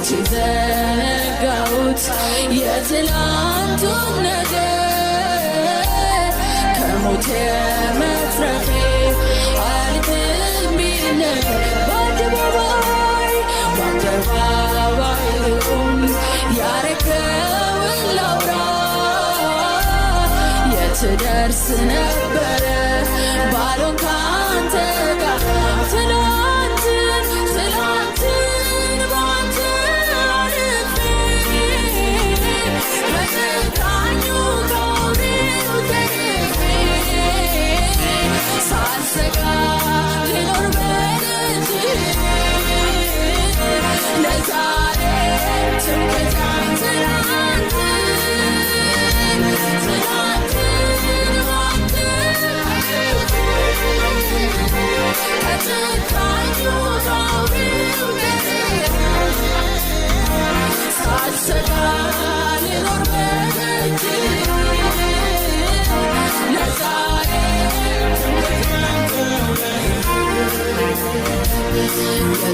መቼ ዘነጋሁት የትላንቱን ከሞት የመትረፌ አልትም ቢልነኝ በአደባባይ በአደባባይ ልቁም ያረከውን ላውራ የትደርስ ነበረ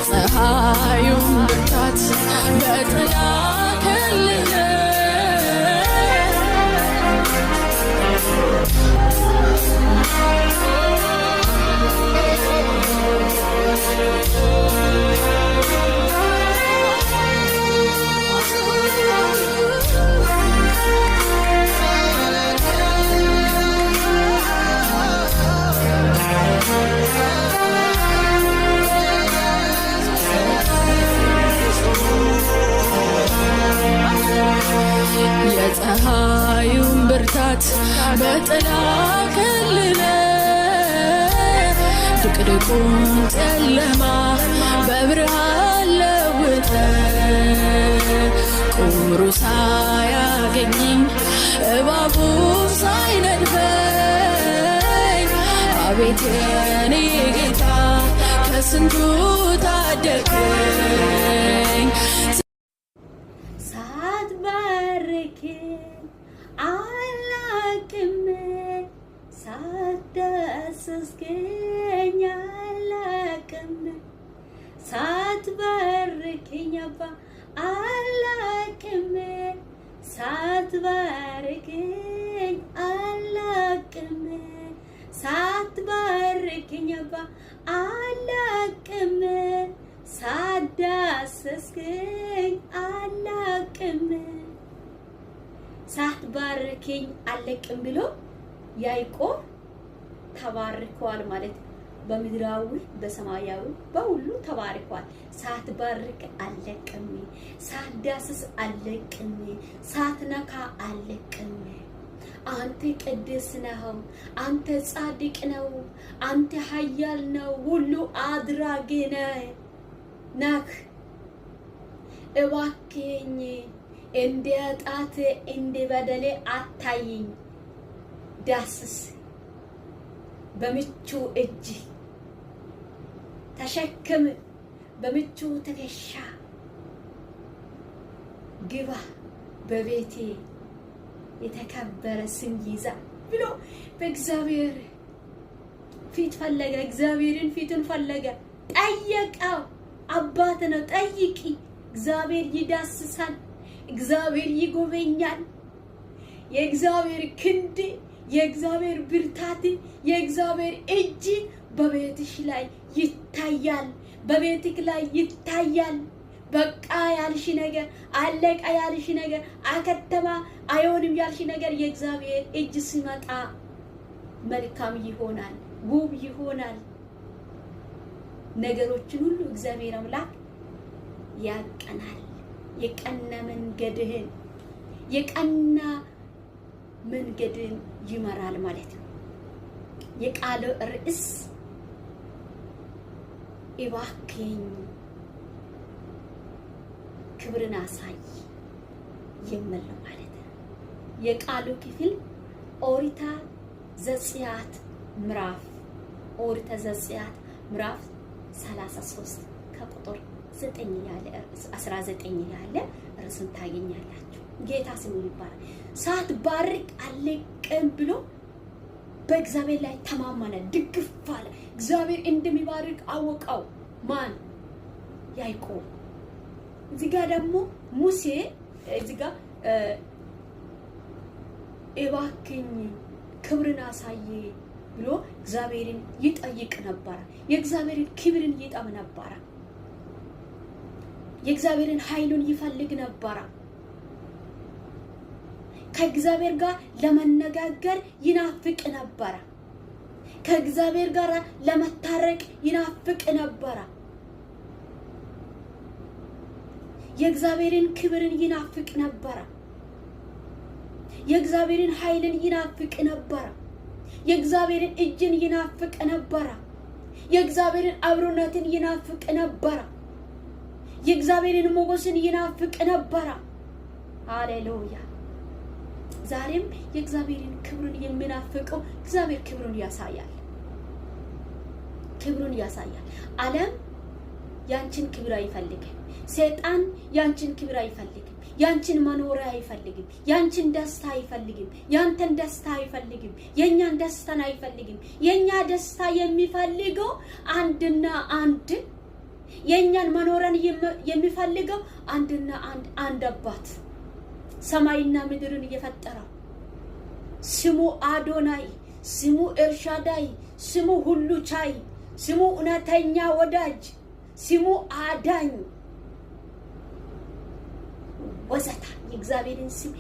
በፀሐዩ ብርታት በጥላ በብርታት በጥላ ከልለ ድቅድቁን ጨለማ በብርሃን ለውጠ ቁምሩ ሳያገኝም እባቡ ሳይነድፈኝ አቤት የኔ ጌታ ከስንቱ ታደ ሳገኝ አባ አላቅም አላቅም አለቅም ብሎ ያዕቆብ ተባርከዋል ማለት በምድራዊ በሰማያዊ በሁሉ ተባርኳል። ሳትባርክ አለቅም፣ ሳትዳስስ አለቅም፣ ሳትነካ አለቅም። አንተ ቅድስ ነው፣ አንተ ጻድቅ ነው፣ አንተ ኃያል ነው፣ ሁሉ አድራጊ ነህ። እባክኝ እንደ ኃጢአቴ እንደ በደሌ አታይኝ፣ ዳስስ በምቹ እጅ ተሸክም፣ በምቹ ትከሻ ግባ በቤቴ የተከበረ ስም ይዛ ብሎ በእግዚአብሔር ፊት ፈለገ። እግዚአብሔርን ፊቱን ፈለገ፣ ጠየቀው። አባት ነው፣ ጠይቂ። እግዚአብሔር ይዳስሳል፣ እግዚአብሔር ይጎበኛል። የእግዚአብሔር ክንድ፣ የእግዚአብሔር ብርታት፣ የእግዚአብሔር እጅ በቤትሽ ላይ ይታያል፣ በቤትክ ላይ ይታያል። በቃ ያልሽ ነገር አለቀ ያልሽ ነገር አከተማ አይሆንም ያልሽ ነገር የእግዚአብሔር እጅ ሲመጣ መልካም ይሆናል፣ ውብ ይሆናል። ነገሮችን ሁሉ እግዚአብሔር አምላክ ያቀናል። የቀና መንገድህን የቀና መንገድን ይመራል ማለት ነው። የቃለ ርዕስ እባክኝ ክብርን አሳይ የሚል ነው ማለት ነው። የቃሉ ክፍል ኦሪታ ዘጽያት ምዕራፍ ኦሪታ ዘጽያት ምዕራፍ 33 ከቁጥር 9 ያለ 19 ያለ ርዕስን ታገኛላችሁ። ጌታ ስሙ ይባላል። ሳትባርቅ አልለቅም ብሎ በእግዚአብሔር ላይ ተማመነ፣ ድግፍ አለ። እግዚአብሔር እንደሚባርክ አወቀው። ማን ያዕቆብ እዚህ ጋር ደግሞ ሙሴ እዚህ ጋር እባክኝ ክብርን አሳየ ብሎ እግዚአብሔርን ይጠይቅ ነበረ። የእግዚአብሔርን ክብርን ይጠም ነበረ። የእግዚአብሔርን ኃይሉን ይፈልግ ነበረ። ከእግዚአብሔር ጋር ለመነጋገር ይናፍቅ ነበረ። ከእግዚአብሔር ጋር ለመታረቅ ይናፍቅ ነበረ። የእግዚአብሔርን ክብርን ይናፍቅ ነበረ። የእግዚአብሔርን ኃይልን ይናፍቅ ነበረ። የእግዚአብሔርን እጅን ይናፍቅ ነበረ። የእግዚአብሔርን አብሮነትን ይናፍቅ ነበረ። የእግዚአብሔርን ሞገስን ይናፍቅ ነበረ። ሃሌሉያ! ዛሬም የእግዚአብሔርን ክብሩን የሚናፍቀው እግዚአብሔር ክብሩን ያሳያል። ክብሩን ያሳያል። ዓለም ያንቺን ክብር አይፈልግም። ሴጣን ያንችን ክብር አይፈልግም። ያንችን መኖሪያ አይፈልግም። ያንችን ደስታ አይፈልግም። ያንተን ደስታ አይፈልግም። የእኛን ደስታን አይፈልግም። የእኛ ደስታ የሚፈልገው አንድና አንድ የእኛን መኖሪያን የሚፈልገው አንድና አንድ አንድ አባት ሰማይና ምድርን እየፈጠረው ስሙ አዶናይ፣ ስሙ ኤልሻዳይ፣ ስሙ ሁሉ ቻይ፣ ስሙ እውነተኛ ወዳጅ፣ ስሙ አዳኝ ወዘታ የእግዚአብሔርን ስም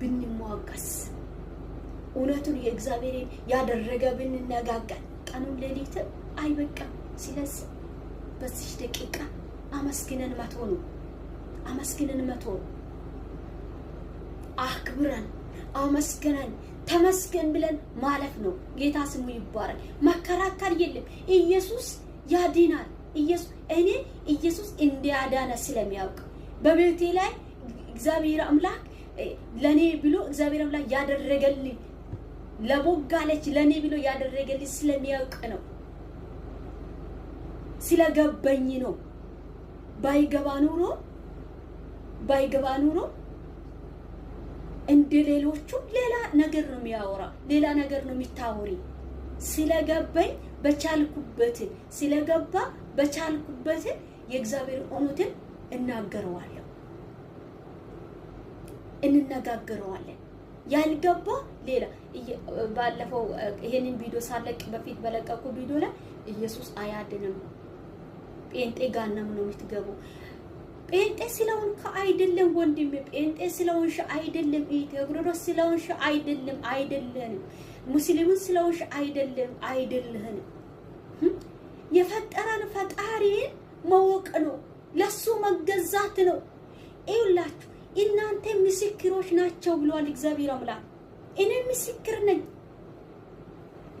ብንሟቀስ እውነቱን የእግዚአብሔርን ያደረገ ብንነጋገር ቀኑን ሌሊትም አይበቃም። ስለዚህ በዚህ ደቂቃ አመስግነን መቶ ነው። አመስግነን መቶ ነው። አክብረን አመስግነን ተመስገን ብለን ማለፍ ነው። ጌታ ስሙ ይባረክ። መከራከር የለም። ኢየሱስ ያድናል። ኢየሱስ እኔ ኢየሱስ እንዲያዳነ ስለሚያውቅ በቤቴ ላይ እግዚአብሔር አምላክ ለእኔ ብሎ እግዚአብሔር አምላክ ያደረገልኝ ለቦጋለች ለኔ ብሎ ያደረገልኝ ስለሚያውቅ ነው፣ ስለገበኝ ነው። ባይገባ ኑሮ ባይገባ ኑሮ እንደ ሌሎቹ ሌላ ነገር ነው የሚያወራ፣ ሌላ ነገር ነው የሚታወሪ። ስለገበኝ በቻልኩበትን ስለገባ በቻልኩበትን የእግዚአብሔር እውነትን እናገረዋለሁ፣ እንነጋገረዋለን። ያልገባ ሌላ ባለፈው ይሄንን ቪዲዮ ሳለቅ በፊት በለቀቁ ቪዲዮ ላይ ኢየሱስ አያድንም፣ ጴንጤ ጋናም ነው የምትገቡ። ጴንጤ ስለሆንክ አይደለም ወንድሜ፣ ጴንጤ ስለሆንሽ አይደለም እህቴ፣ ኦርቶዶክስ ስለሆንሽ አይደለም አይደለንም፣ ሙስሊሙን ስለሆንሽ አይደለም አይደለህንም። የፈጠረን ፈጣሪን መወቅ ነው። ለሱ መገዛት ነው። ይኸውላችሁ እናንተ ምስክሮች ናቸው ብሏል እግዚአብሔር አምላክ። እኔ ምስክር ነኝ።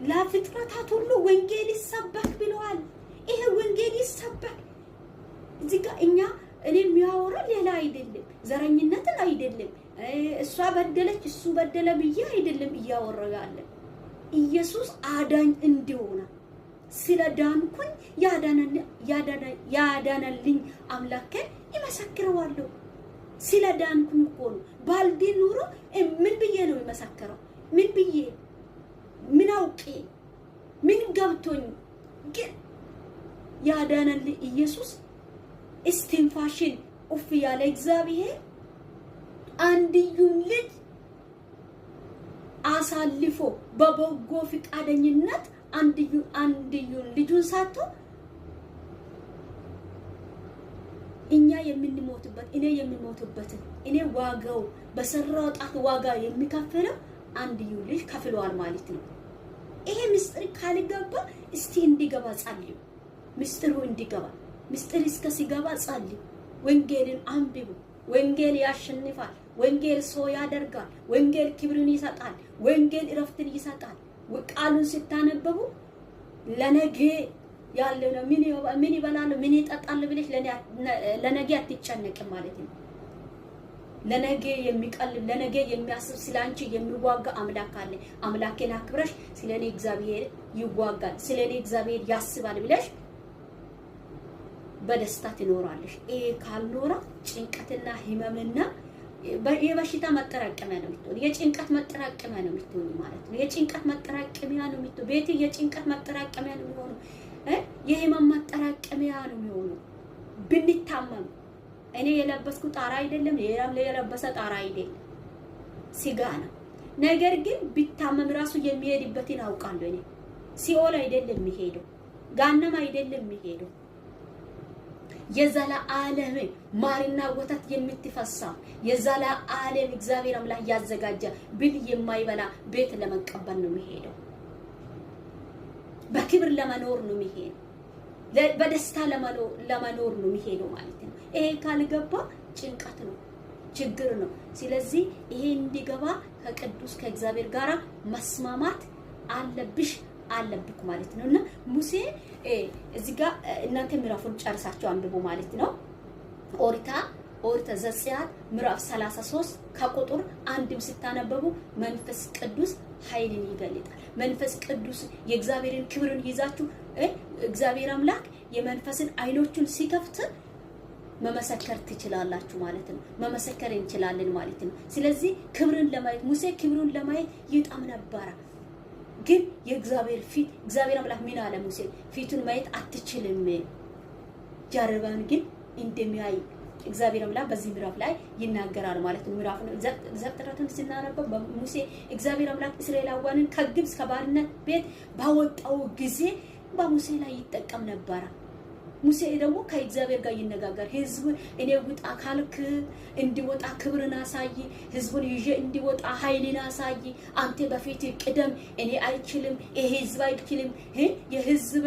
ለፍጥረታት ሁሉ ወንጌል ይሰበክ ብለዋል። ይሄ ወንጌል ይሰበክ እዚህ ጋር እኛ እኔ የሚያወራ ሌላ አይደለም፣ ዘረኝነትን አይደለም፣ እሷ በደለች እሱ በደለ ብዬ አይደለም እያወራ ያለ ኢየሱስ አዳኝ እንደሆነ ስለ ዳንኩኝ ያዳነልኝ አምላኬን ይመሰክረዋለሁ። ስለ ዳንኩኝ እኮ ነው። ባልዲ ኑሮ ምን ብዬ ነው የመሰክረው? ምን ብዬ ምን አውቄ ምን ገብቶኝ? ግን ያዳነልኝ ኢየሱስ እስትንፋሽን ኡፍ ያለ እግዚአብሔር አንድዩን ልጅ አሳልፎ በበጎ ፈቃደኝነት አንድዩ አንድዩን ልጁን ሳቶ እኛ የምንሞትበት እኔ የምሞትበትን እኔ ዋጋው በሰራው ጣት ዋጋ የሚከፍለው አንድዩ ልጅ ከፍለዋል ማለት ነው። ይሄ ምስጢር ካልገባ እስቲ እንዲገባ ጸልዩ። ምስጢሩ እንዲገባ ምስጢር እስከ ሲገባ ጸልዩ። ወንጌልን አንብቡ። ወንጌል ያሸንፋል። ወንጌል ሰው ያደርጋል። ወንጌል ክብርን ይሰጣል። ወንጌል እረፍትን ይሰጣል። ቃሉን ስታነበቡ ለነገ ያለው ነው። ምን ምን ይበላሉ፣ ምን ይጠጣሉ ብለሽ ለነገ አትጨነቅም ማለት ነው። ለነገ የሚቀልብ ለነገ የሚያስብ ስላንቺ የሚዋጋ አምላክ አለ። አምላኬን አክብረሽ ስለኔ እግዚአብሔር ይዋጋል፣ ስለኔ እግዚአብሔር ያስባል ብለሽ በደስታ ትኖራለሽ። ይሄ ካልኖራ ጭንቀትና ህመምና የበሽታ መጠራቀሚያ ነው የምትሆኑ። የጭንቀት መጠራቀሚያ ነው የምትሆኑ ማለት ነው። የጭንቀት መጠራቀሚያ ነው የምትሆኑ። ቤት የጭንቀት መጠራቀሚያ ነው የሚሆኑ። የህመም መጠራቀሚያ ነው የሚሆኑ። ብንታመም እኔ የለበስኩ ጣራ አይደለም፣ ሌላም የለበሰ ጣራ አይደለም፣ ስጋ ነው። ነገር ግን ቢታመም ራሱ የሚሄድበትን አውቃለሁ እኔ። ሲኦል አይደለም የሚሄደው፣ ጋነም አይደለም የሚሄደው የዘላለም ማርና ወተት የምትፈሳ የዘላለም እግዚአብሔር አምላክ ያዘጋጀ ብል የማይበላ ቤት ለመቀበል ነው የሚሄደው። በክብር ለመኖር ነው የሚሄደው። በደስታ ለመኖር ነው የሚሄደው ማለት ነው። ይሄ ካልገባ ጭንቀት ነው፣ ችግር ነው። ስለዚህ ይሄ እንዲገባ ከቅዱስ ከእግዚአብሔር ጋር መስማማት አለብሽ። አለብኩ ማለት ነው። እና ሙሴ እዚጋ እናንተ ምዕራፉን ጨርሳችሁ አንብቡ ማለት ነው። ኦሪታ ኦሪት ዘጸአት ምዕራፍ 33 ከቁጥር አንድም ስታነበቡ መንፈስ ቅዱስ ኃይልን ይገልጣል። መንፈስ ቅዱስ የእግዚአብሔርን ክብርን ይዛችሁ እግዚአብሔር አምላክ የመንፈስን አይኖቹን ሲከፍት መመሰከር ትችላላችሁ ማለት ነው። መመሰከር እንችላለን ማለት ነው። ስለዚህ ክብርን ለማየት ሙሴ ክብሩን ለማየት ይጣም ነበረ። ግን የእግዚአብሔር ፊት እግዚአብሔር አምላክ ምን አለ ሙሴ ፊቱን ማየት አትችልም፣ ጃርባን ግን እንደሚያይ እግዚአብሔር አምላክ በዚህ ምዕራፍ ላይ ይናገራል ማለት ነው። ምዕራፍ ነው ዘፍጥረትን ስናነበው በሙሴ እግዚአብሔር አምላክ እስራኤላውያንን ከግብፅ ከባርነት ቤት ባወጣው ጊዜ በሙሴ ላይ ይጠቀም ነበረ። ሙሴ ደግሞ ከእግዚአብሔር ጋር ይነጋገር። ህዝብ እኔ ውጣ ካልክ እንዲወጣ ክብርን አሳይ፣ ህዝቡን ይዤ እንዲወጣ ኃይልን አሳይ። አንተ በፊት ቅደም። እኔ አይችልም፣ ይሄ ህዝብ አይችልም፣ የህዝብ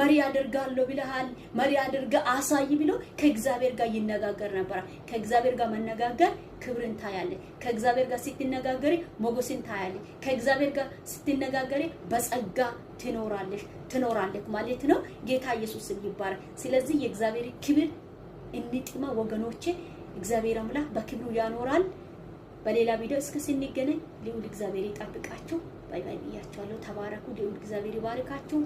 መሪ አድርጋለሁ ብለሃል፣ መሪ አድርገ አሳይ ብሎ ከእግዚአብሔር ጋር ይነጋገር ነበራል። ከእግዚአብሔር ጋር መነጋገር ክብርን ታያለ። ከእግዚአብሔር ጋር ስትነጋገሪ ሞገስን ታያለ። ከእግዚአብሔር ጋር ስትነጋገሪ በጸጋ ትኖራለሽ ትኖራለች ማለት ነው። ጌታ ኢየሱስ ይባላል። ስለዚህ የእግዚአብሔር ክብር እንጥማ ወገኖቼ፣ እግዚአብሔር አምላክ በክብሩ ያኖራል። በሌላ ቪዲዮ እስከ ስንገናኝ ልዑል እግዚአብሔር ይጠብቃችሁ። ባይ ባይ ብያችኋለሁ። ተባረኩ። ልዑል እግዚአብሔር ይባርካችሁ።